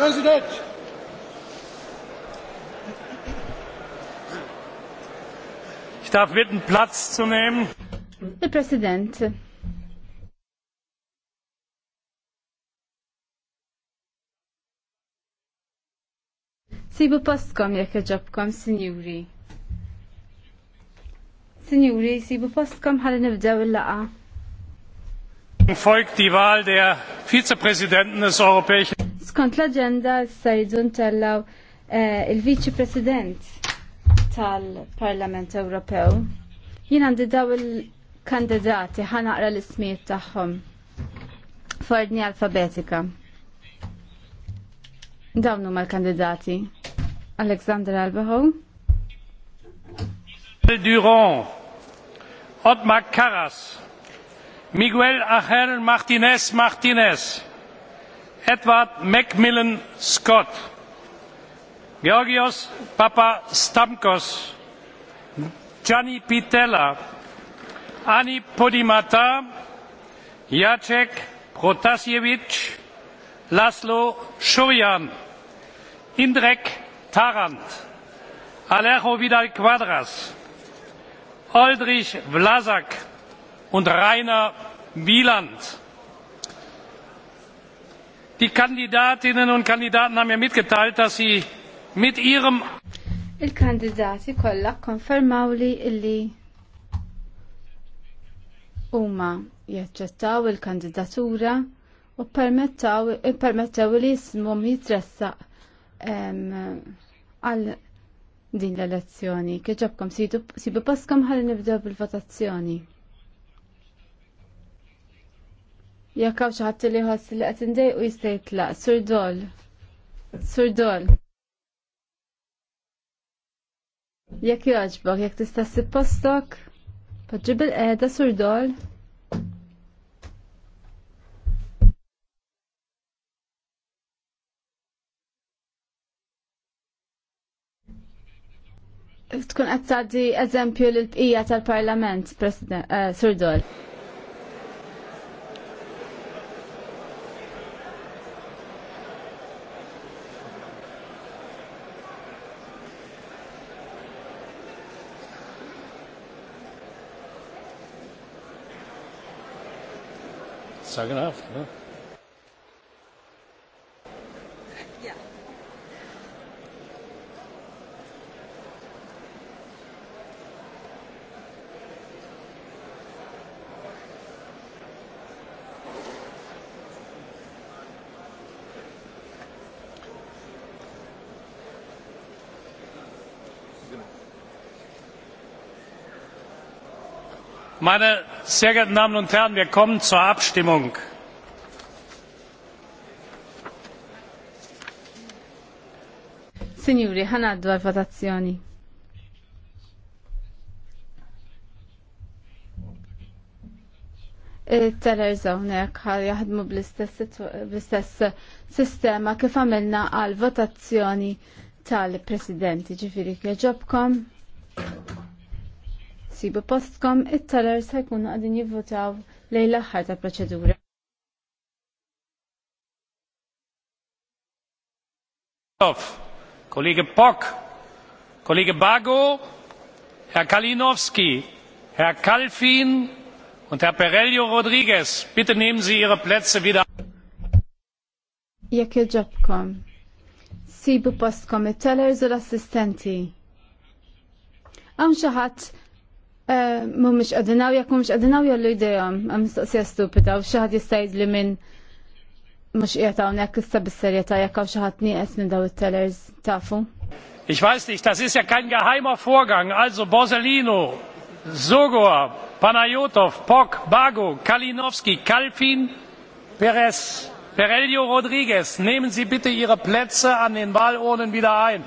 President! Ich darf bitten, Platz zu nehmen. Herr Präsident. Sibu postkom jekk iġobkom, Signori. Signori, sibu postkom ħalli nibdew il-laqa. Folgt die Wahl der Vizepräsidenten des Europäischen Skont l-agenda s-saridu ntellaw eh, il-Viċi President tal-Parlament Ewropew. Jien għandi daw il-kandidati ħanaqra l-ismijiet tagħhom f'ordni alfabetika. Dawn huma l-kandidati. Alexander Albaho. Durand, Otmar Karas, Miguel Ángel Martinez Martinez. Edward Macmillan Scott, Georgios Papastamkos, Gianni Pitella, Ani Podimata, Jacek Protasiewicz, Laszlo Surjan, Indrek Tarant, Alejo Vidal Quadras, Oldrich Vlasak und Rainer Wieland. Die Kandidatinnen und Kandidaten haben mir mitgeteilt, dass sie mit ihrem Il-kandidati kollha konfermaw li illi huma jaċċettaw il-kandidatura u permettaw li ismhom jitressaq għal din l-elezzjoni. Kieġobkom sibu paskom ħalli nibdew bil-votazzjoni. Jekk hawn xi ħadd li ħoss li qed indejqu jistajt la, Sur Dol. Sur Dol. Jekk jogħġbok, jekk tista' postok, poġġib il-qiegħda sur Dol. Tkun qed eżempju lill bqija tal-Parlament, President eh, Sir Dol. sagraf, no? Meine Sehr geehrte Damen und Herren, wir kommen zur Abstimmung. Signori, ħanaddu għal votazzjoni. Il-teller zawnek ħal jaħdmu bl-istess sistema kif għamilna għal votazzjoni tal-presidenti ġifiri kieġobkom sibu postkom, it-taler se jkunu għadin jivvotaw lejn l-aħħar ta' proċedura. Kollege Pok, Kollege Bago, Herr Kalinowski, Herr Kalfin und Herr Perelio Rodriguez, bitte nehmen Sie Ihre Plätze wieder. Jekk Jobkom, sibu postkom Teller Zul assistenti Għam xaħat Mu eh, mux mhumiex qegħdinaw jekk mhumiex qegħdinaw jollu għam s-sja stupida u xaħat jistajd li minn mux jgħataw nek s bis-serjetà jekk hawn xi ħadd nieqes minn daw il tellers tafu. Ich weiß nicht, das ist ja kein geheimer Vorgang. Also Borsellino, Sogor, Panayotov, Pok, Bago, Kalinowski, Kalfin, Perez, Perelio Rodriguez, nehmen Sie bitte Ihre Plätze an den Wahlurnen wieder ein.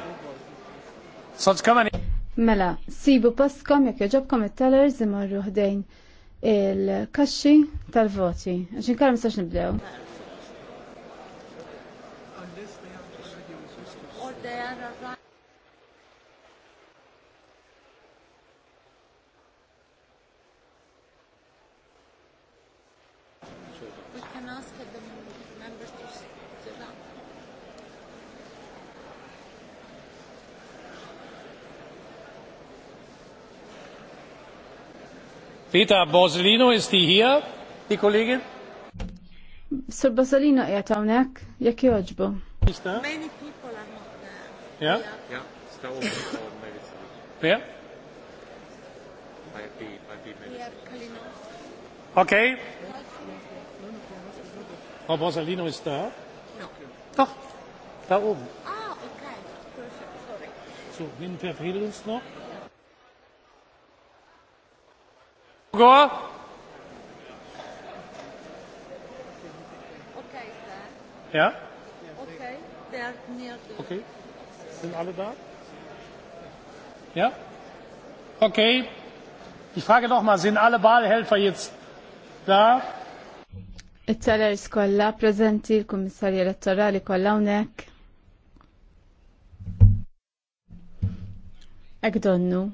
Sonst können wir nicht. Mela, sibu paskom jekk joġobkom it-tellers imorru ħdejn il-kaxxi tal-voti. Għaxin m'sax nibdew. Peter Bosolino, is die hier, die Kollegin? Sir Bosolino qiegħed hawnhekk, jekk jogħġbu. Many people are not there. Yeah? Yeah, it's the old Yeah? I'd be, I'd Okay. Oh, Borsalino is there? No. Doch, da oben. Ah, okay. Perfect. Sorry. So, wen verfehlt uns noch? Go. Okay, sir. Ja? Okay, wer near the... Okay. Sind alle da? Ja? Okay. Ich frage noch mal, sind alle Wahlhelfer jetzt da? It-tellers kollha preżenti l-Kummissarji Elettorali kollha hawnhekk. Ek donnu.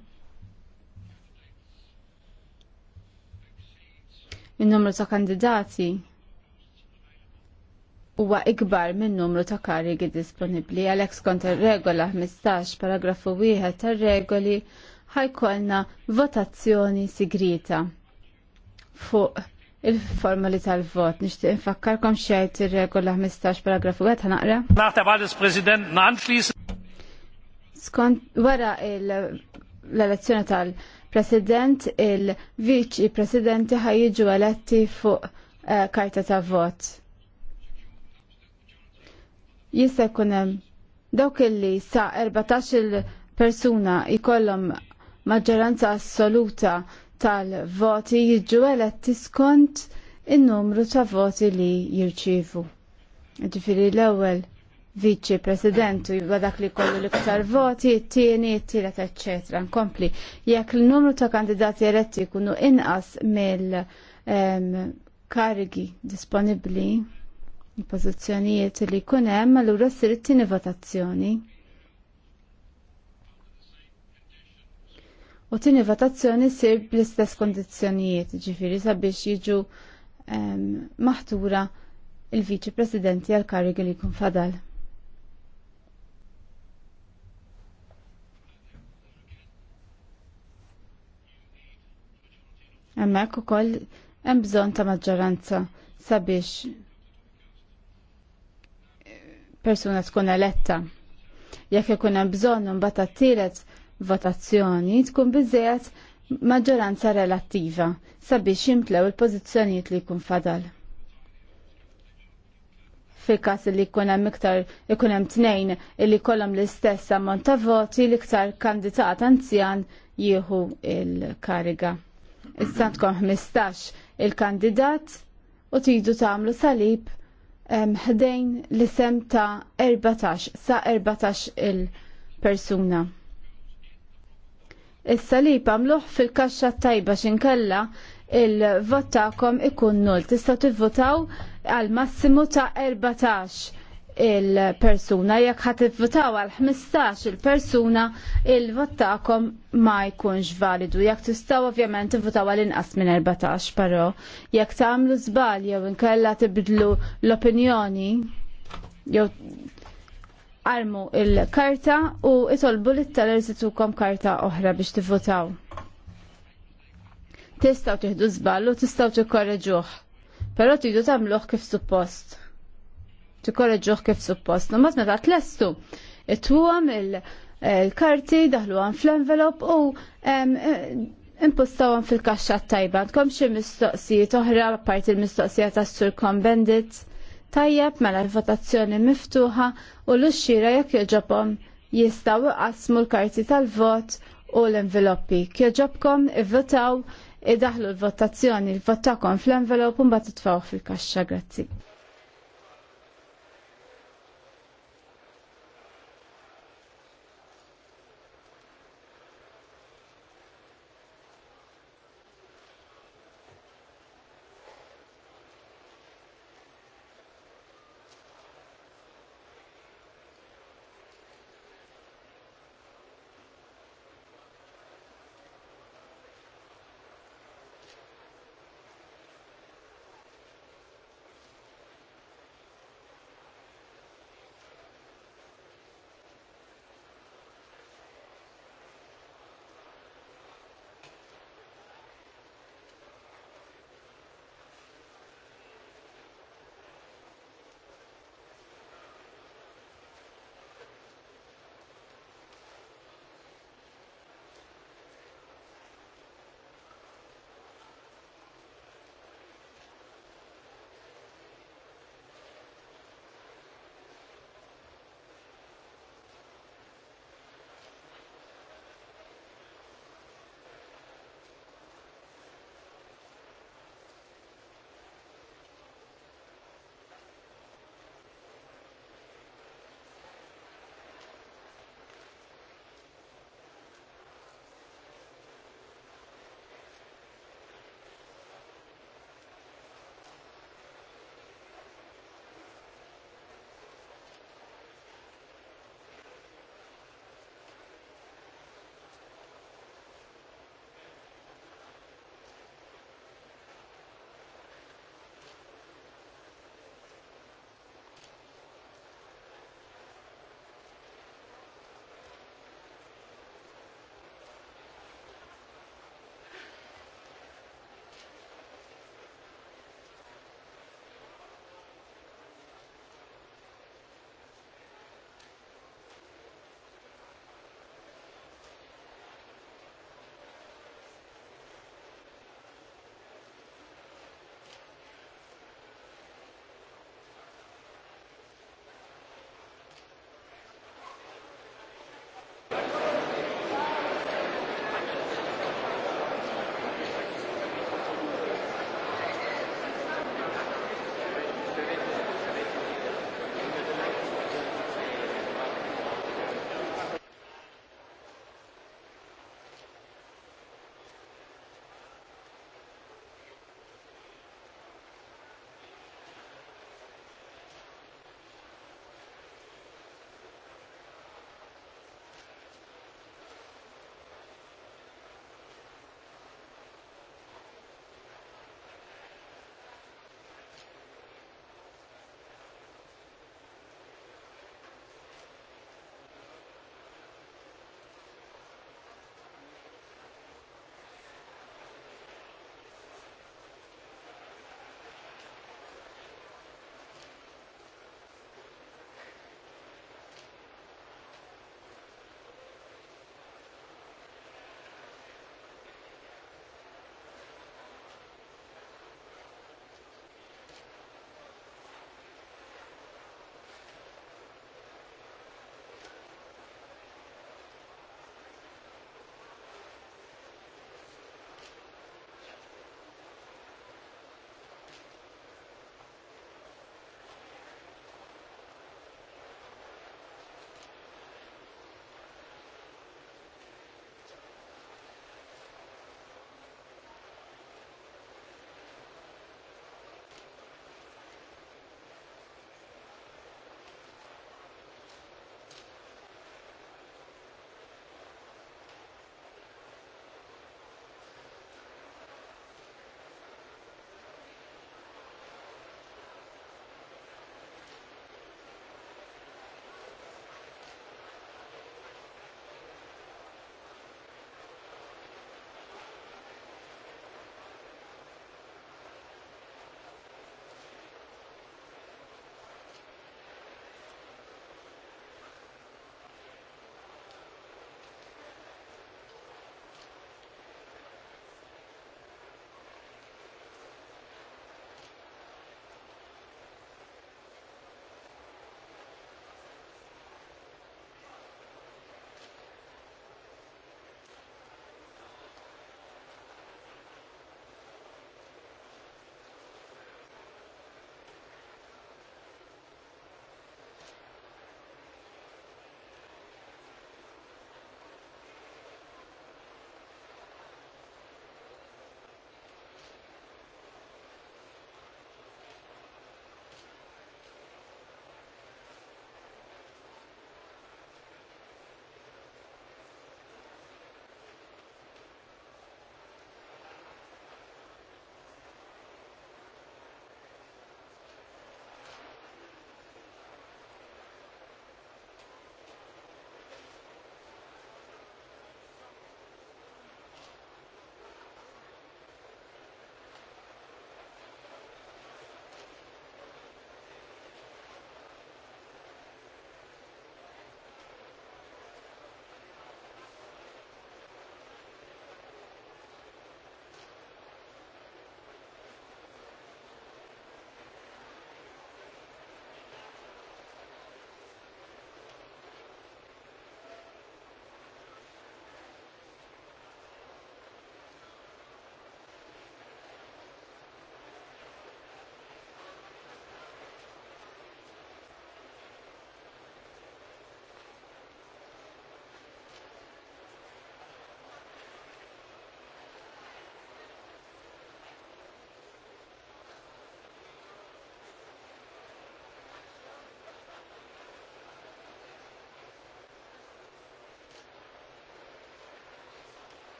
il-numru ta' kandidati huwa ikbar minn numru ta' karigi disponibbli għalhekk skont ir-regola 15 paragrafu wieħed tar-regoli ħajkolna votazzjoni sigrita fuq il-formali tal-vot. Nixtieq infakkarkom xejt ir-regola 15 paragrafu wieħed ħanaqra. Nach der Wahl des Präsidenten anschließend. Skont wara l-elezzjoni tal- president il-viċi presidenti ħajġu eletti fuq eh, karta ta' vot. Jista' jkun hemm dawk illi sa 14 il-persuna jkollhom maġġoranza assoluta tal-voti jiġu eletti skont in-numru ta' voti li jirċievu. Ġifieri l-ewwel viċi presidentu u dak li kollu l-iktar voti, t-tieni, t-tielet, ecc. Nkompli, jekk l numru ta' kandidati eletti kunu inqas mill-karigi disponibli, il-pozizjonijiet li kunem, allura s-sir it-tieni votazzjoni. U t-tieni votazzjoni s-sir bl-istess kondizjonijiet, ġifiri sabiex jiġu maħtura il-viċi presidenti għal-karigi li kun fadal. Hemmhekk ukoll hemm bżonn ta' maġġoranza sabiex persuna tkun eletta. Jekk ikun hemm bżonn imbagħad għattiret votazzjoni tkun biżejjed maġġoranza relattiva sabiex jimplew il-pożizzjonijiet li jkun fadal fil każ li jkun hemm iktar ikun hemm tnejn li kollhom l-istess ammont ta' voti l-iktar kandidat anzjan jieħu il-kariga. Issa tkun 15 il-kandidat u tridu tagħmlu salib ħdejn l-isem ta' 14 sa' 14 il-persuna. Is-salib għamluh fil-kaxxa tajba xinkella il vottakom ikun nul. Tista' tivvotaw għal massimu ta' 14 il-persuna jekk ħat votaw għal 15 il-persuna il votakom ma jkunx validu. Jekk tistgħu ovvjament votaw għal inqas minn 14 però jekk tagħmlu żball jew inkella tibdlu l-opinjoni jew armu il-karta u itolbu lit-tellers itukom karta oħra biex tivvotaw. Tistgħu tieħdu żball u tistgħu tikkorreġuh. Però tridu tagħmluh kif suppost tikkorreġuh kif suppost. Nomad meta tlestu it-twom eh, il-karti daħlu għan fl-envelop u eh, impostaw fil-kaxxa tajba. Tkom xi mistoqsijiet oħra, parti il-mistoqsija ta' Sur Combendit, tajjeb mela l-votazzjoni miftuħa u l-uxxira jekk jogħġobhom jistgħu qasmu l-karti tal-vot u l-enveloppi. Kjoġobkom i-votaw id-daħlu l-votazzjoni, l-votakom fl-envelop un bat fil-kaxxa. Grazzi.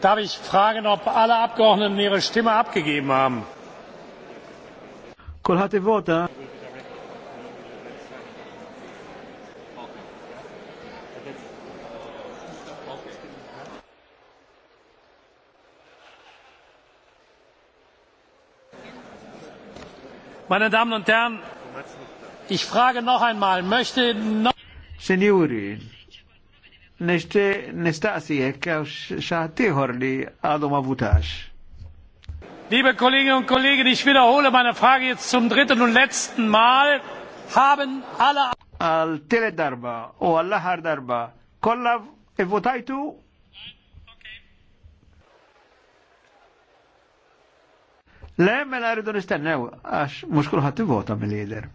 Darf ich fragen, ob alle Abgeordneten ihre Stimme abgegeben haben? vota. Meine Damen und Herren, ich frage noch einmal, möchte noch... Signori, nishti nistaqsi jekk xaħtiħor li għadhom avutax. Liebe Kolleginnen und Kollegen, ich wiederhole meine Frage jetzt zum dritten und letzten Mal. Haben alle... Al tele darba u għal laħar darba, kolla votajtu? Le, mela rridu nistennew, għax mux kullħat vota mill-lider.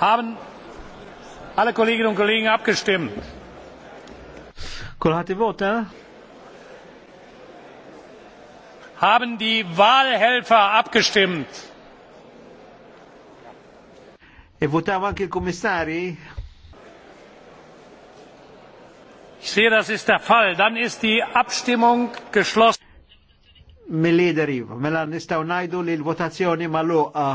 Haben alle Kolleginnen und Kollegen abgestimmt? Kulħati vota? Eh? Haben die Wahlhelfer abgestimmt? E votaw anche il kommissari? Ich sehe, das ist der Fall. Dann ist die Abstimmung geschlossen. Mill-lider Iva, mela nistaw najdu li l-votazzjoni maluqa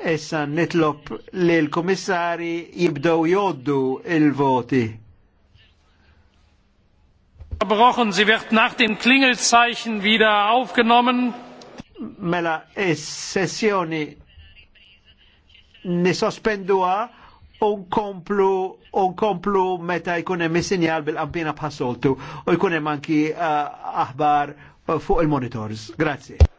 Issa nitlob li l-komissari jibdow joddu il-voti. Verbrochen, sie wird nach dem Klingelzeichen wieder aufgenommen. Mela, is-sessjoni nisospendua unkomplu unkomplu meta jkun hemm is-sinjal bil-qampina bħasoltu u jkun hemm anki uh, aħbar fuq il-monitors. Grazie.